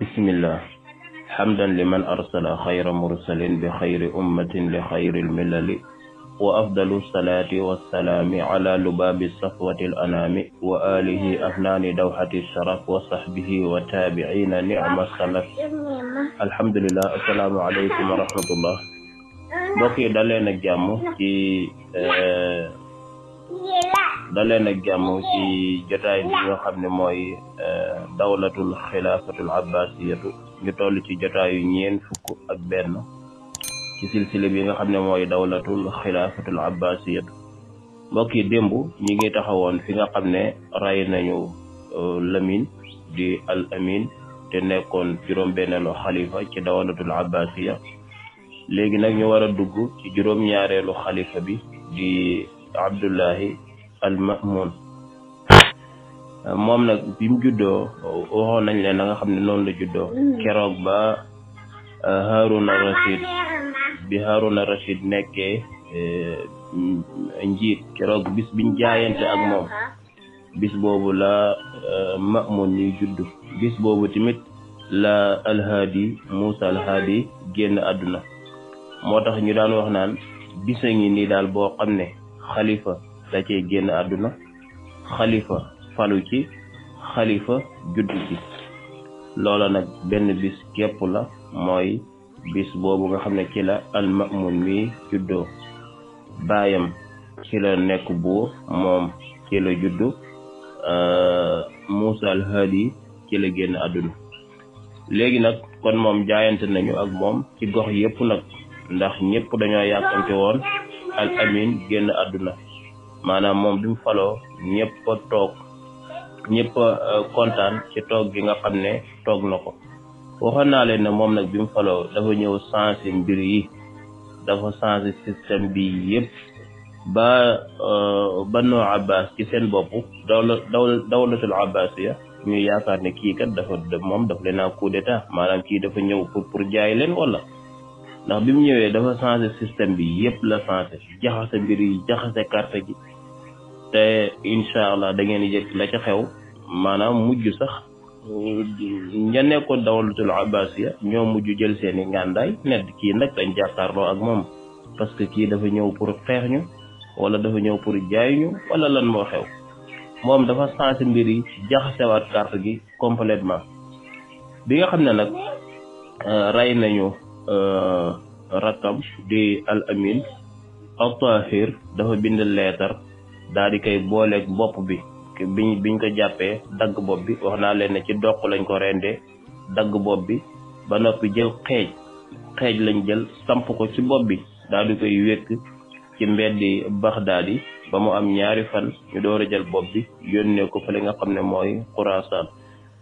بسم الله حمدا لمن أرسل خير مرسل بخير أمة لخير الملل وأفضل الصلاة والسلام على لباب الصفوة الأنام وآله أفنان دوحة الشرف وصحبه وتابعين نعم السلف الحمد لله السلام عليكم ورحمة الله بقي دلنا جامو في آه، dalee nag jàmm ci jotaay bi nga xam ne mooy euh, dawlatul xilaafatul abbasiyatu ñu toll ci jotaayu ñeen fukk ak benn ci silsile bi nga xam ne mooy dawlatul xilaafatul abbasiyatu mbokk yi démb ñi ngi taxawoon fi nga xam ne rey nañu euh, Lamine di al amin te nekkoon juróom-benneelu xalifa ci dawlatul abbasiya léegi nag ñu war a dugg ci juróom-ñaareelu xalifa bi di Abdullahi almamun euh, moom nag bi mu juddoo waxoon nañ leen na nga xam ne noonu la juddoo mm. keroog ba euh, Haruna Rashid bi Haruna Rashid nekkee euh, njiit keroog bis biñ jaayante ak moom bis boobu la Mamun ñuy judd bis boobu tamit la alhaadi Moussa alhaadi génn àdduna moo tax ñu daal wax naan bisa ngi nii daal boo xam ne xalifa da cey genn aduna khalifa falu ci lola juddu ci loola nak benn bis kep la moy bis bobu nga xamne ci la ma'mun mi juddo bayam ci la nek bu mom ci la juddu musa al Hadi ci la genn aduna léegi nak kon mom jaayante nañu ak mom ci gox yep nak ndax ñepp dañoo woon al amin genn aduna maanaam moom bi mu faloo ñëpp a toog ñëpp a euh, kontaan ci toog gi nga xam ne toog na ko waxoon naa leen ne moom nag bi mu faloo dafa ñëw changé mbir yi dafa changé système bi yëpp ba euh, Banu Abbas ci seen bopp dawla dawlatul abbasiya ñu yaakaar ne kii kat dafa moom dafa leen a coup d'état maanaam kii dafa ñëw pour pour jaay leen wala ndax bi mu ñëwee dafa changé système bi yëpp la changé jaxase mbir yi jaxase carte gi te incha allah da ngeen di jëkk la ca xew maanaam mujj sax ña nekkoon dawlatul abbasiya ñoo mujj jël seen i ngàndaay nedd kii nag dañ jàkkaarloo ak moom parce que kii dafa ñëw pour xeex ñu wala dafa ñëw pour jaay ñu wala lan moo xew moom dafa sensé mbir yi jaxasewaat carte gi complètement bi nga xam ne nag euh, rey nañu euh, rakkam di al amin al tahir dafa bind leetar daal di koy booleeg bopp bi biñ biñ ko jàppee dagg bopp bi wax naa leen ne ci doq lañ ko rendee dagg bopp bi ba noppi jël xeej xeej lañ jël samp ko ci bopp bi daal di koy wékk ci mbeddi Baxdaad yi ba mu am ñaari fan ñu door a jël bopp bi yónnee ko fële nga xam ne mooy Xuraasaan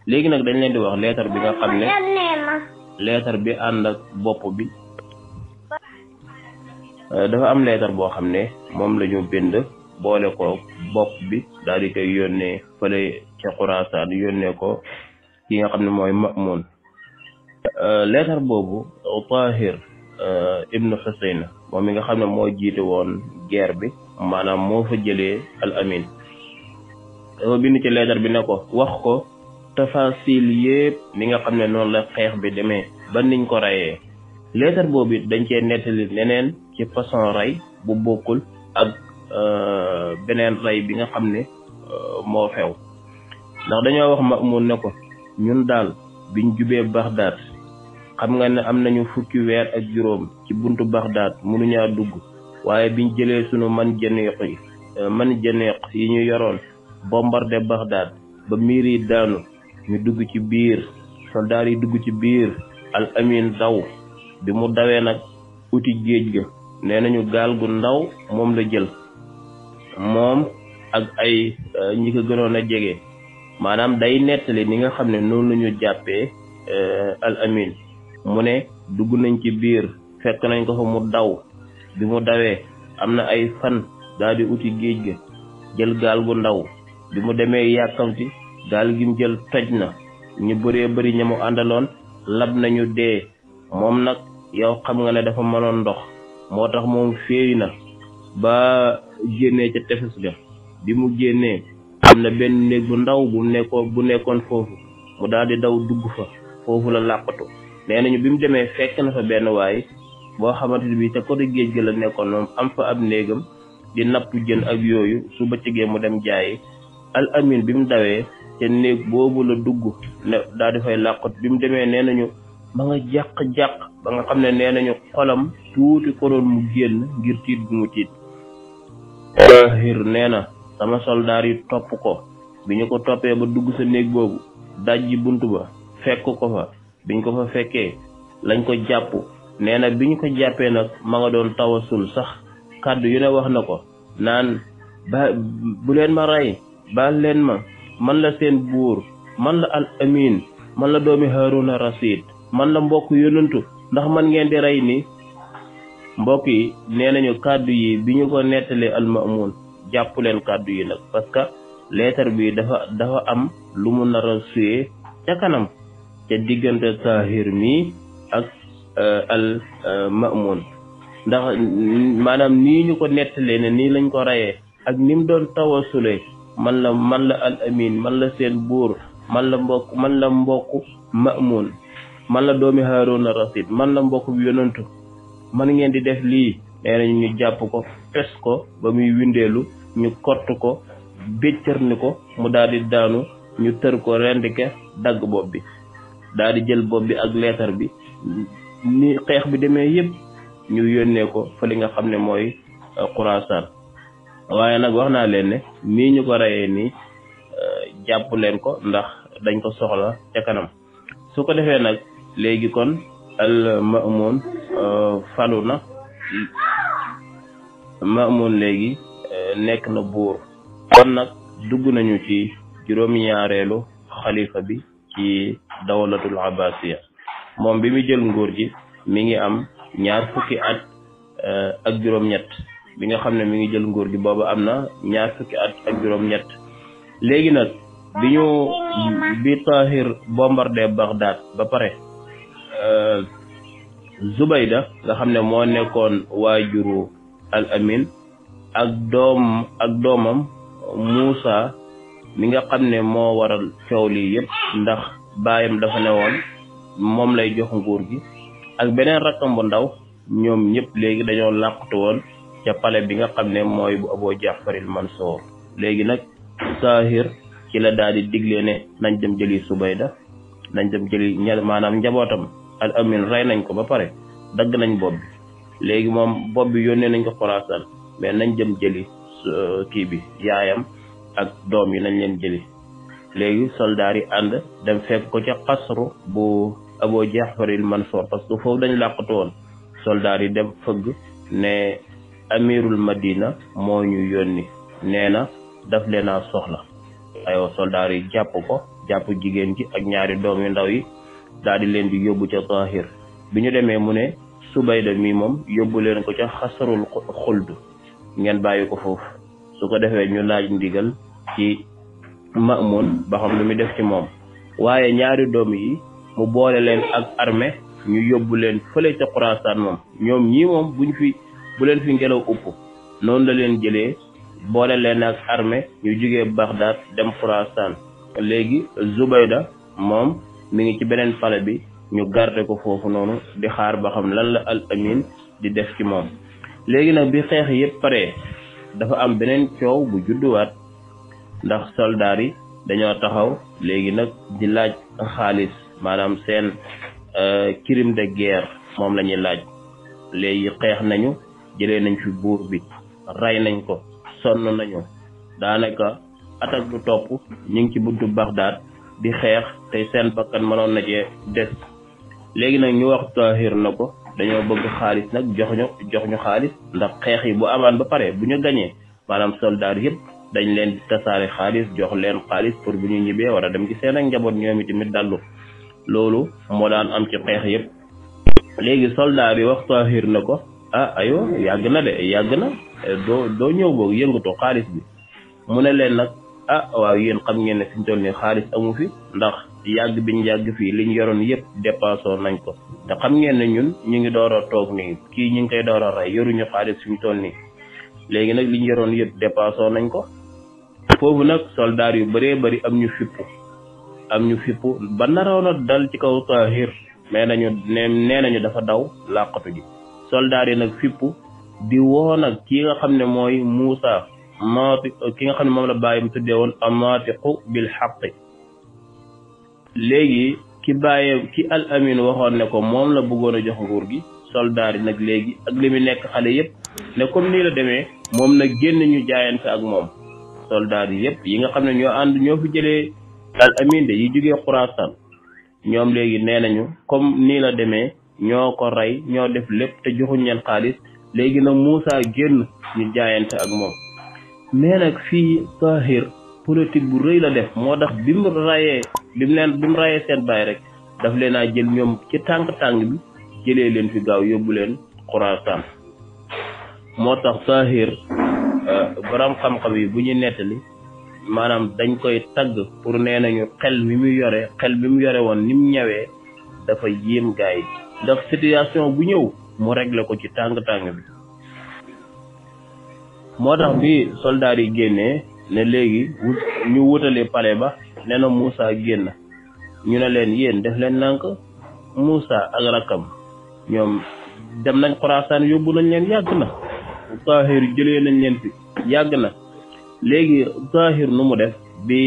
léegi nag dañ leen di wax leetar bi nga xam ne leetar bi ànd ak bopp bi euh, dafa am leetar boo xam ne moom la ñu bind boole ko bopp bi daal di koy yónnee fële ca Xurasaan yónnee ko ki nga xam ne mooy Mamun euh, leetar boobu Tahir euh, ibnu na moom mi nga xam ne moo jiite woon guerre bi maanaam moo fa jëlee al amin dafa bind ci leetar bi ne ko wax ko tafasil yëpp ni nga xam ne noonu la xeex bi demee ba niñ ko rayee leetar boobu dañ cee nettali neneen ci façon rey bu bokkul ak Euh, beneen rey bi nga xam ne euh, moo xew ndax dañoo wax Mamun ne ko ñun daal biñ jubee Baxdaad xam nga ne am nañu fukki weer ak juróom ci buntu Baxdaad mënuñaa dugg waaye biñ jëlee sunu man janeeq yi euh, man janeeq yi ñu yoroon bombardé Baxdaad ba miir yi daanu ñu dugg ci biir soldaar yi dugg ci biir al amin daw bi mu dawee nag uti géej ga nee nañu gaal gu ndaw moom la jël moom ak ay euh, ñi ko gënoon a jege maanaam day nettali ni nga xam ne noonu la ñu jàppee euh, al amin mu ne dugg nañ ci biir fekk nañ ko fa mu daw bi mu dawee am na ay fan daal di uti géej ga jël gaal gu ndaw bi mu demee yàkkamti gaal gi jël toj na ñu bëree bëri ña mu àndaloon lab nañu dee moom nag yow xam nga ne dafa mënoon ndox moo tax moom féey na ba génnee ca tefes ga bi mu génnee am na benn néeg bu ndaw bu nekkoon bu nekkoon foofu mu daal di daw dugg fa foofu la làqatu nee nañu bi mu demee fekk na fa benn waay boo xamante ni bii te côté géej gi la nekkoon moom am fa ab néegam di napp jën ak yooyu su bëccëgee mu dem jaayi al amin bi mu dawee te néeg boobu la dugg ne daal di fay làqatu bi mu demee nee nañu ba nga jàq-jàq ba nga xam ne nee nañu xolam tuuti ko doon mu génn ngir tiit bu mu tiit Eh. Tahir nena sama soldari top ko biñu ko topé ba dugg sa neeg bobu dajji buntu ba fekk ko fa biñ ko fa fekke lañ ko japp nee biñ ko jappé nak ma nga doon tawassul sax kaddu yu ne wax nako nan bu len ma ray ba len ma man la sen bour man la al amin man la domi haruna rasid man la mbok yonantu ndax man ngeen di ray ni mbokk yi nee nañu kàddu yi bi ñu ko nettalee almamun jàpp leen kàddu yi nag parce que leetar bi dafa dafa am lu mu nar a suyee ca kanam ca diggante tahir mi ak euh, al euh, mamun ndax maanaam nii ñu ko nettalee ne nii lañ ko rayee ak ni mu doon tawasulee man la man la al amin man la seen buur man la mbokk man la mbokk mamun man la doomi haaruna rasid man la mbokk bi yonantu mën ngeen di def lii nee ñu jàpp ko fes ko ba muy windeelu ñu kott ko béccërni ko mu daal di daanu ñu tër ko rendike dagg bopp bi daal di jël bopp bi ak leetar bi ni xeex bi demee yëpp ñu yónnee ko fa li nga xam ne mooy Xuraasaan euh, waaye nag wax naa leen ne nii ñu ko reyee nii euh, jàpp leen ko ndax dañ ko soxla ca kanam su ko defee nag léegi kon al ma'mun Euh, falu na Maamun léegi euh, nekk na buur kon nag dugg nañu ci juróom-ñaareelu xalifa bi ci dawlatul abbasiya moom bi mu jël nguur gi mi ngi am ñaar fukki at euh, ak juróom-ñett bi nga xam ne mi ngi jël nguur gi boobu am na ñaar fukki at ak juróom-ñett léegi nag bi ñu bi Tahir bombardé Bagdad ba pare Zubayda nga xam ne moo nekkoon waajuru al amin ak doom ak doomam Moussa mi nga xam ne moo waral coow lii yëpp ndax baayam dafa ne woon moom lay jox nguur gi ak beneen rakkam bu ndaw ñoom ñëpp léegi dañoo làqatu woon ca palais bi nga xam ne mooy bu Abu Jaafaril Mansoor léegi nag Saahir ci la daal di digle ne nañ dem jëli Subayda nañ dem jëli ña maanaam njabootam al amin rey nañ ko ba pare dagg nañ bopp bi léegi moom bopp bi yónnee nañ ko xoraasan mais nañ dem jëli kii bi yaayam ak doom yi nañ leen jëli léegi soldaar yi ànd dem fekk ko ca xasru bu Abu Jaafaril Mansoor parce que foofu dañu làqatu woon soldaar yi dem fëgg ne amirul madina moo ñu yónni nee na daf leen a soxla aywa soldaar yi jàpp ko jàpp jigéen ji ak ñaari doom yu ndaw yi daal di leen di yóbbu ca Tahir bi ñu demee mu ne Subayda mi moom yóbbu leen ko ca xasarul xuld ngeen bàyyi ko foofu su ko defee ñu laaj ndigal ci Mamun ba xam lu mu def ci moom waaye ñaari doom yi mu boole leen ak armée ñu yóbbu leen fële ca Xuraasaan moom ñoom ñii moom buñ fi bu leen fi ngelaw upp noonu la leen jëlee boole leen ak armée ñu jigee Bagdad dem Xuraasaan léegi Zubayda moom mi ngi ci beneen pale bi ñu garder ko foofu noonu di xaar ba xam lan la al amin di def ci moom léegi nag bi xeex yëpp pare dafa am beneen coow bu judduwaat ndax soldaar yi dañoo taxaw léegi nag di laaj xaalis maanaam seen euh, crime de guerre moom la ñuy laaj léegi xeex nañu jëlee nañ fi buur bi rey nañ ko sonn nañu daanaka attaque bu topp ñu ngi ci buntu Bagdad di xeex tey seen bakkan manoon na cee des léegi nag ñu wax Tahir na ko dañoo bëgg xaalis nag jox ñu jox ñu xaalis ndax xeex yi bu amaan ba pare bu ñu gañee maanaam soldaar yëpp dañ leen di tasaare xaalis jox leen xaalis pour bu ñu ñibbee war dem gi seen ak njaboot ñoom itamit dallu loolu moo daan am ci xeex yëpp léegi soldaar yi wax Tahir na ko ah ayo yàgg na de yàgg na doo doo ñëw boog yëngutoo xaalis bi mu ne leen nag a ah, waaw yéen xam ngeen ne fiñ toll nii xaalis amu fi ndax yàgg biñ yàgg fii liñ yoroon yëpp dépensé nañ ko te xam ngeen ne ñun ñu ngi door a toog nii kii ñu ngi koy door a rey yoruñu xaalis fiñ toll nii léegi nag liñ yoroon yëpp dépensé nañ ko foofu nag soldaar yu bëree bëri am ñu fippu am ñu fippu ba naroon a dal ci kaw Tahir mais nañu nee nee nañu dafa daw làqatu ji soldaar yi nag fippu di nag kii nga xam ne mooy Moussa naati ki nga xam ne moom la bàyyam tuddee woon annaatiqu bil xaqi léegi ki bàyyee ki al waxoon ne ko moom la bëggoon a jox nguur gi soldaar yi nag léegi ak li nekk xale yëpp ne comme nii la demee moom nag génn ñu jaayante ak moom soldaar yi yëpp yi nga xam ne ñoo ànd ñoo fi jëlee al amin de yi jógee Xuraasaan ñoom léegi nee nañu comme nii la demee ñoo ko rey ñoo def lépp te joxuñ leen xaalis léegi na Moussa génn ñu jaayante ak moom mais nag fii Tahir politique bu rëy la def moo tax bi mu rayee bi mu leen bi mu rayee seen baay rek daf leen a jël ñoom ci tànk-tànk bi jëlee leen fi gaaw yóbbu leen Xuraasaan moo tax Tahir euh, borom xam-xam yi bu ñu nettali maanaam dañ koy tagg pour nee nañu xel mi mu yore xel bi mu yore woon ni mu ñëwee dafa yéem gaay yi ndax situation bu ñëw mu réglé ko ci tàng-tàng bi moo tax bi soldaar yi génnee ne léegi wut ñu wutale pale ba nee na Moussa génn ñu ne leen yéen def leen nànk Moussa ak rakam ñoom dem nañ Xorasaan yóbbu nañ leen yàgg na Tahir jëlee nañ leen fi yàgg na léegi Tahir nu mu def bi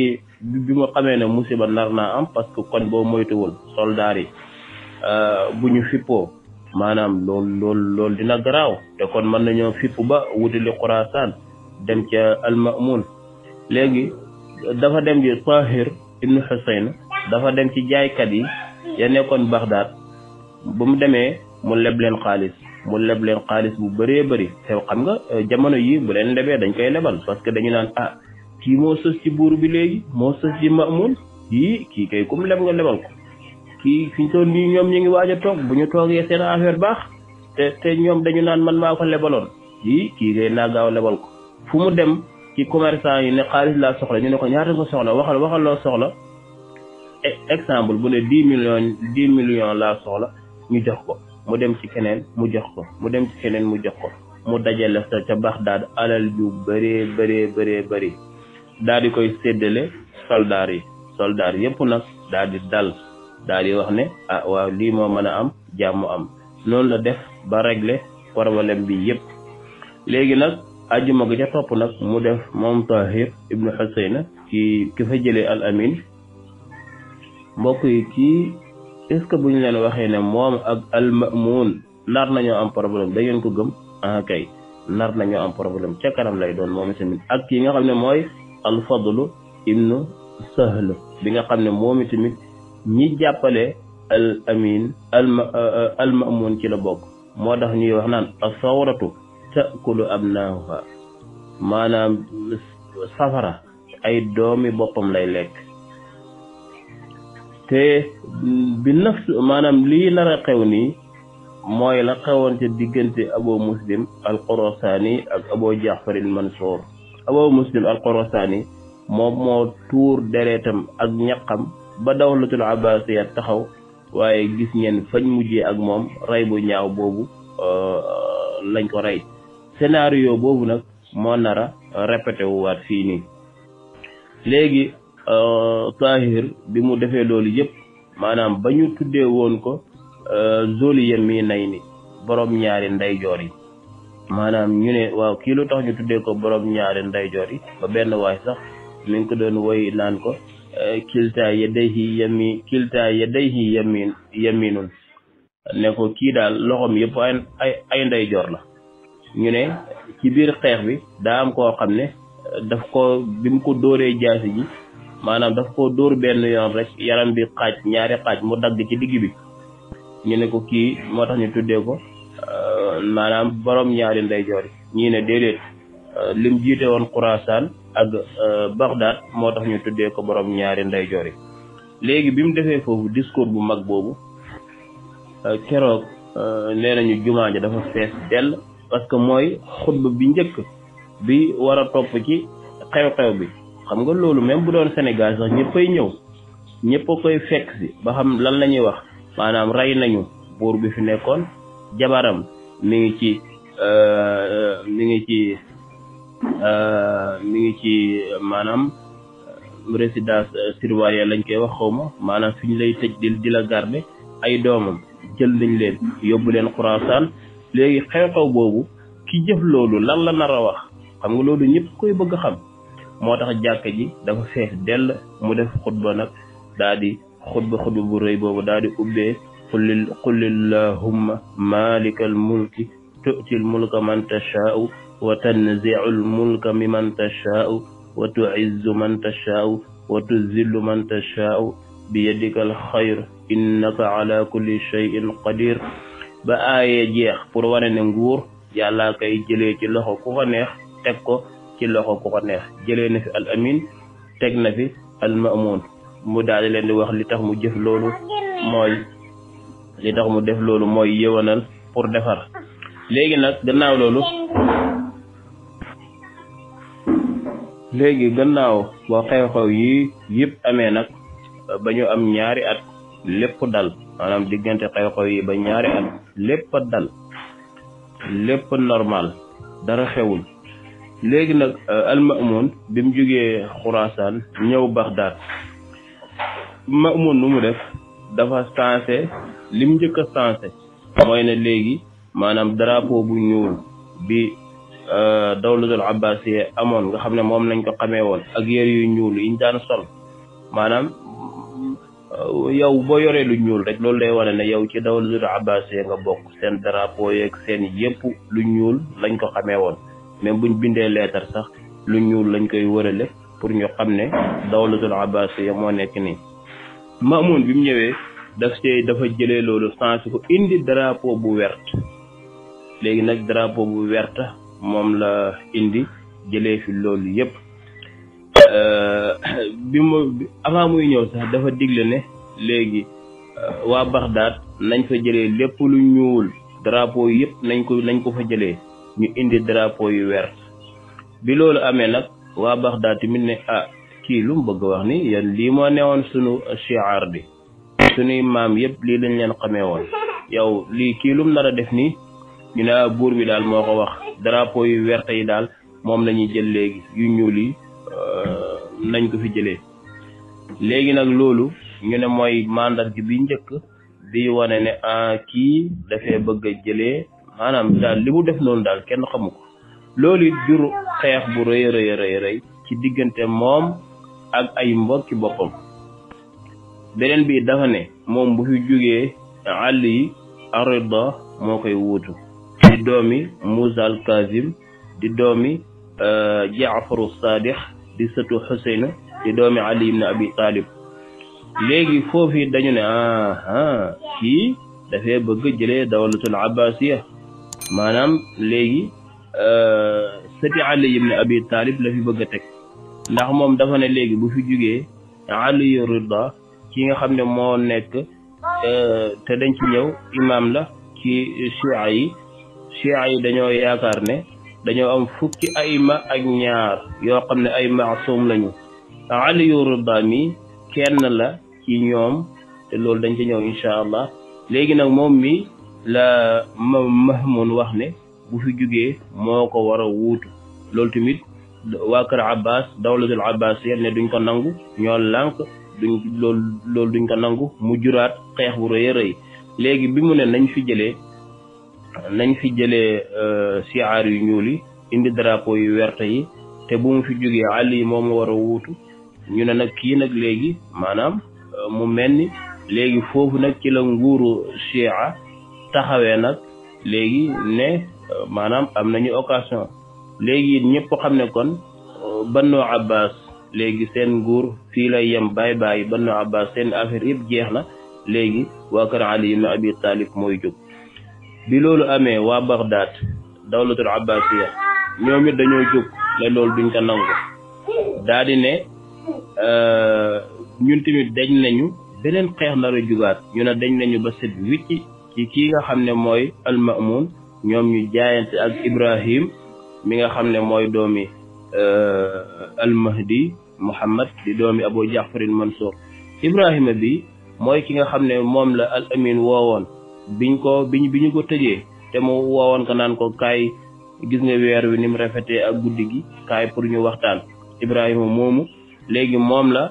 bi mu xamee ne musiba nar naa am parce que kon boo moytuwul soldaar yi euh, bu ñu fippoo maanaam loolu loolu loolu dina garaaw te kon mën nañoo fipp ba wutali Xuraasaan dem ca Almamun léegi dafa dem ci Tahir ibnu Xuseyn dafa dem ci jaaykat yi ya nekkoon Baxdaad ba mu demee mu leb leen xaalis mu leb leen xaalis bu bëree bëri xam nga euh, jamono yi bu leen lebee dañ koy lebal parce que dañu naan ah, kii moo sës ci buur bi léegi moo sës ci Mamun yii kii kay kum leb nga lebal kii fi ñu toll ñoom ñu ngi waaj a toog bu ñu toogee seen affaire baax te te ñoom dañu naan man maa ko lebaloon kii kii ngay naa gaaw lebal ko fu mu dem ci commerçant yi ne xaalis laa soxla ñu ne ko ñaata nga soxla waxal waxal loo soxla e, exemple bu ne millions laa soxla ñu jox ko mu dem ci keneen mu jox ko mu dem ci keneen mu jox ko mu dajale sa ca Bagdad alal ju bëree bëree bëree bëri daal di koy séddale soldaar yi soldaar yëpp nag daal di dal daal di wax ne ah waaw lii moo mën a am jàmm am noonu la def ba régler problème bi yépp léegi nag ajjuma gi ca topp nag mu def moom Tahir ibnu Xuseyna ki ki fa jëlee al amin mbokk yi kii est ce que bu ñu leen waxee ne moom ak al mamun nar nañoo am problème da ngeen ko gëm ah kay nar nañoo am problème ca kanam lay doon moom itamit ak ki nga xam ne mooy al fadlu ibnu sahl bi nga xam ne moom itamit ñi jàppale al amin al al mamun ci la bokk moo tax ñuy wax naan asawratu takulu abnaaha maanaam safara ay doomi boppam lay lekk te bi nafs maanaam lii nar a xew nii mooy la xewoon ca diggante abo muslim al qurasani ak abo jaafar al mansour abo muslim al qurasani moom moo tuur deretam ak ñaqam ba dawlatul abbas yat taxaw waaye gis ngeen fañ mujjee ak moom rey bu ñaaw boobu euh, lañ ko rey scénario boobu nag moo nar a répété wuwaat fii nii léegi euh, tahir bi mu defee loolu yëpp maanaam ba ñu tuddee woon ko euh, zoliyam mi nay ni borom ñaari nday joor yi maanaam ñu ne waaw kii lu tax ñu tuddee ko borom ñaari nday joor yi ba benn waay sax mi ngi ko doon woy naan ko kilta yadayhi yami kilta yadayhi yamin yaminun ne ko kii daal loxoom yëpp ay ay ay ndeyjoor la ñu ne ci biir xeex bi daa am koo xam ne daf ko bi ko dóoree jaasi ji maanaam daf ko dóor benn yoon rek yaram bi xaaj ñaari xaaj mu dagg ci digg bi ñu ne ko kii moo tax ñu tuddee ko euh, maanaam borom ñaari ndeyjoor yi ñii ne déedéet Euh, lim jiite woon Xuraasaan ak euh, Bagdad moo tax ñu tuddee ko boroom ñaari ndeyjoor yi léegi bi mu defee foofu discours bu mag boobu euh, keroog nee nañu jumaa ja dafa fees dell parce que mooy xutba bi njëkk bi war a topp ci xew-xew bi xam nga loolu même bu doon Sénégal sax ñëppay ñëw ñëpp a koy fekk si ba xam lan la ñuy wax maanaam ray nañu buur bi fi nekkoon jabaram mi ngi ci mi ngi ci Euh, mi ngi ci maanaam résidence euh, surveillée lañ koy wax xaw ma maanaam fi lay tëj di di la garder ay doomam jël nañ leen yóbbu leen Xuraasaan léegi xew-xew boobu ki jëf loolu lan la nar a wax xam nga loolu ñëpp koy bëgg xam moo tax jàkka ji dafa fees dell mu def xutba nag daa di xutba xutba bu rëy boobu daa di ubbee qulil qulillahumma malikal mulki tu'til mulka man tashaa'u وتنزع الملك ممن تشاء وتعز من تشاء وتذل من تشاء بيدك الخير انك على كل شيء قدير بايا جيخ بور واني نغور يالا كاي جيلي سي لخو كوفا نيه تكو سي لخو كوفا نيه جيلي نفي الامين تك نفي المامون مو دال لين دي واخ لي تخ مو جيف لولو موي لي تخ مو ديف لولو موي ييوانال بور ديفار legui nak gannaaw lolou léegi gannaaw ba xew-xew yi yëpp amee nag ba ñu am ñaari at lépp dal maanaam diggante xew-xew yi ba ñaari at lépp dal lépp normal dara xewul léegi nag euh, almamun bi mu jógee xuraasaan ñëw baxdaad mamun nu mu def dafa sensé lim njëkk a sensé mooy léegi maanaam drapeau bu ñuul bi Euh, dawlatul abbasiya amoon nga xam ne moom lañ ko xamee woon ak yére yu ñuul yi ñu daan sol maanaam euh, yow boo yoree lu ñuul rek loolu day wane ne yow ci dawlatul abbasiya nga bokk seen drapeau yeek seen yëpp lu ñuul lañ ko xamee woon même buñ bindee leetar sax lu ñuul lañ koy wërale pour ñu xam ne dawlatul abbasiya moo nekk nii Maamoun bi mu ñëwee daf see dafa jëlee loolu sens ko indi drapeau bu wert léegi nag drapeau bu wert moom la indi jëlee fi loolu yëpp euh, bi mu muy ñëw sax dafa digle ne léegi euh, waa Bagdad nañ fa jëlee lépp lu ñuul drapeau yëpp nañ ko nañ ko fa jëlee ñu indi drapeau yu weer bi loolu amee nag waa Bagdad tamit ne ah kii lu bëgg wax ni yéen lii moo newoon sunu shiar bi sunuy maam yëpp lii lañ leen xamee woon yow lii kii lu a def nii ñu ne ah, buur bi daal moo ko wax drapeau yu werte yi daal moom lañuy jël léegi yu ñuul yi euh, nañ ko fi jëlee léegi nag loolu ñu ne mooy mandarga bi njëkk bi wane ne ah, a kii dafe bëgga jële jëlee maanaam daal li mu def noonu daal kenn xamu ko loolu it jur xeex bu rëy rëy rëy ci diggante moom ak ay mbokki boppam beneen bi dafa ne moom bu fi jógee àll yi arida moo koy wuutu doomi Muusa al Kazim di doomi euh, Jaafaru Saadix di sëtu Xuseyna di doomi Ali ibn Abi Talib léegi foofu dañu ne ah kii dafay bëgg jëlee dawlatul abbasiya maanaam léegi euh, sëti Ali ibn Abi Talib la fi bëgg a teg ndax moom dafa ne léegi bu fi jugee Ali Rida ki nga xam ne moo nekk euh, te dañ ci ñëw imaam la ci suwa chia yi dañoo yaakaar ne dañoo am fukki ma ak ñaar yoo xam ne ay ma maasum lañu Aliyu Rida mi kenn la ci ñoom te loolu dañ ci ñëw incha allah léegi nag moom mi la ma Mahmoud wax ne bu fi jugee moo ko wara a wuutu loolu tamit waa kër Abbas dawlatul Abbas yéen ne duñ ko nangu ñoo lànk duñ loolu loolu duñ ko nangu mu juraat xeex bu rëy yi léegi bi mu ne nañ fi jëlee. nañ fi jëlee euh, siyaar yu ñuul yi indi drapeau yu werte yi te bu fi jógee àll yi moom war a wuutu ñu ne nag kii nag léegi maanaam euh, mu mel ni léegi foofu nag ci la nguuru chia taxawee nag léegi ne euh, maanaam am nañu occasion léegi ñëpp xam ne kon Banu Abbas léegi seen nguur fii lay yem baay baay Banu Abbas seen affaire yëpp jeex na léegi waa kër Ali ibn Abi Talib mooy jóg bi lolu amé wa baghdad dawlatul abbasiya ñoomi dañoy dañoo jóg ne loolu duñ ko nangu daa né euh ñun timit dañ nañu benen xex na a jugaat ñu na dañ nañu ba set wicci ci ki nga xamné moy al ma'mun ñoom ñu jaayante ak Ibrahim mi nga xamné moy doomi euh al mahdi Muhammad di doomi Abu Jaafarin Mansour ibrahim bi moy ki nga xamné mom la al amin woowoon biñ ko biñ bi ñu ko tëjee te mu woowoon ko naan ko kaay gis nga weer wi ni mu rafetee ak guddi gi kaay pour ñu waxtaan Ibrahima moomu léegi moom la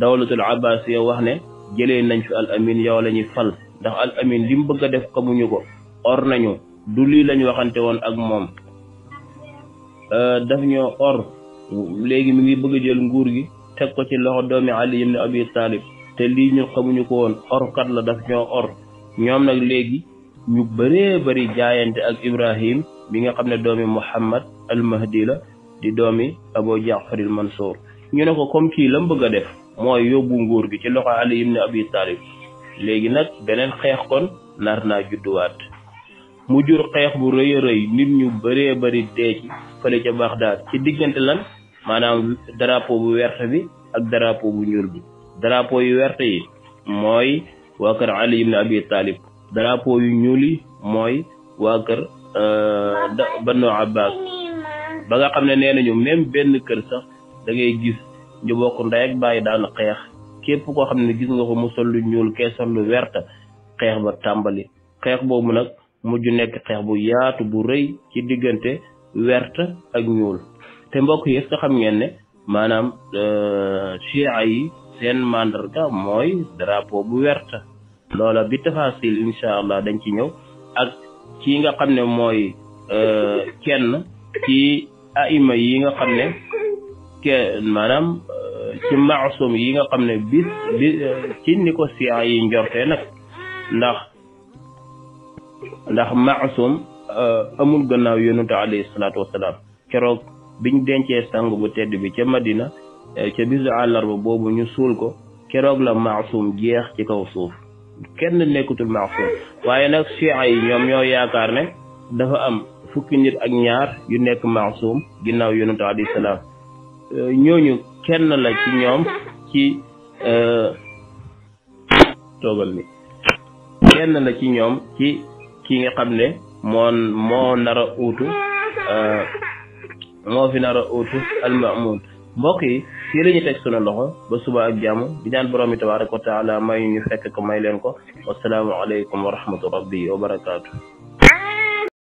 dawlatul abbasiya wax ne jëlee nañ fi al amin yow la ñuy fal ndax al amin li mu bëgg a def xamuñu ko or nañu du lii lañ waxante woon ak moom euh, daf ñoo or léegi mi ngi bëgg a jël nguur gi teg ko ci loxo doomi Ali ibn Abi Talib te lii ñu xamuñu ko woon orkat la daf ñoo or ñoom nag léegi ñu bëree bëri jaayante ak Ibrahim bi nga xam ne doomi Muhammad al Mahdi la di doomi Abu Jaafar al Mansour ñu ne ko comme kii la mu bëgg a def mooy yóbbu nguur gi ci loxo Ali ibn Abi Talib léegi nag beneen xeex kon nar naa judduwaat mu jur xeex bu rëy a rëy nit ñu bëree bëri dee ci fële ca Bagdad ci diggante lan maanaam drapeau bu werte bi ak drapo bu ñuul bi drapeau yu werte yi mooy waa Ali ibn Abi Talib drapeau yu ñuul yi mooy waa kër euh, Banu Abbas ba nga xam ne nee nañu même benn kër sax da ngay gis ñu bokk ndey ak bàyyi daan xeex képp koo xam ne gis nga ko mu sol lu ñuul kee sol lu wert xeex ba tàmbali xeex boobu nag mujj nekk xeex bu yaatu bu rëy ci diggante wert ak ñuul te mbokk yi est xam ngeen ne maanaam chia euh, yi seen mandarga mooy drapo bu wert loola bi tafasil incha allah dañ ci ñëw ak kii nga xam ne mooy euh, kenn ci aima yi nga xam ne kenn maanaam euh, ci maasum yi nga xam ne bis bi ci ni ko siyan yi njortee nag ndax ndax maasum euh, amul gannaaw yonente alayhi salaatu wasalaam keroog biñ dencee sang bu tedd bi ca Madina ca bisu àllarba boobu ñu suul ko keroog la maasum jeex ci kaw suuf kenn nekkutul maasum waaye nag chia yi ñoom ñoo yaakaar ne dafa am fukki nit ak ñaar yu nekk maasum ginnaaw yonentu alayhi salaam euh, ñooñu kenn la ci ñoom ci euh, toogal mi kenn la ci ñoom ci ki nga xam ne moo moo nar a uutu euh, moo fi nar a uutu almamun mbokk yi fii la ñu teg sunu loxo ba suba ak jàmm di ñaan borom bi tabaraka wa taala may ñu fekk ko may leen ko wasalaamu alaykum wa rahmatu rabbi wa barakaatu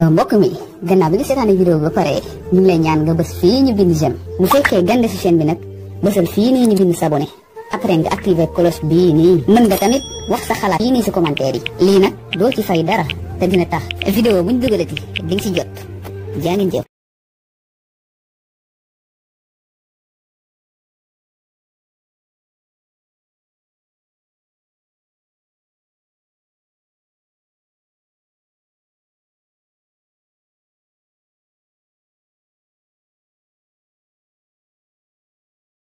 euh, mbokk mi gannaaw bi nga seetaane vidéo ba pare ñu ngi lay ñaan nga bës fii ñu bind jëm bu fekkee gande si chaîne bi nag bësal fii nii ñu bind s'abonné après nga activé cloche bii nii mën nga tamit wax sa xalaat fii nii si commentaire yi lii nag doo ci fay dara te dina tax vidéo buñ dugalati di nga si jot jaa ngeen jëf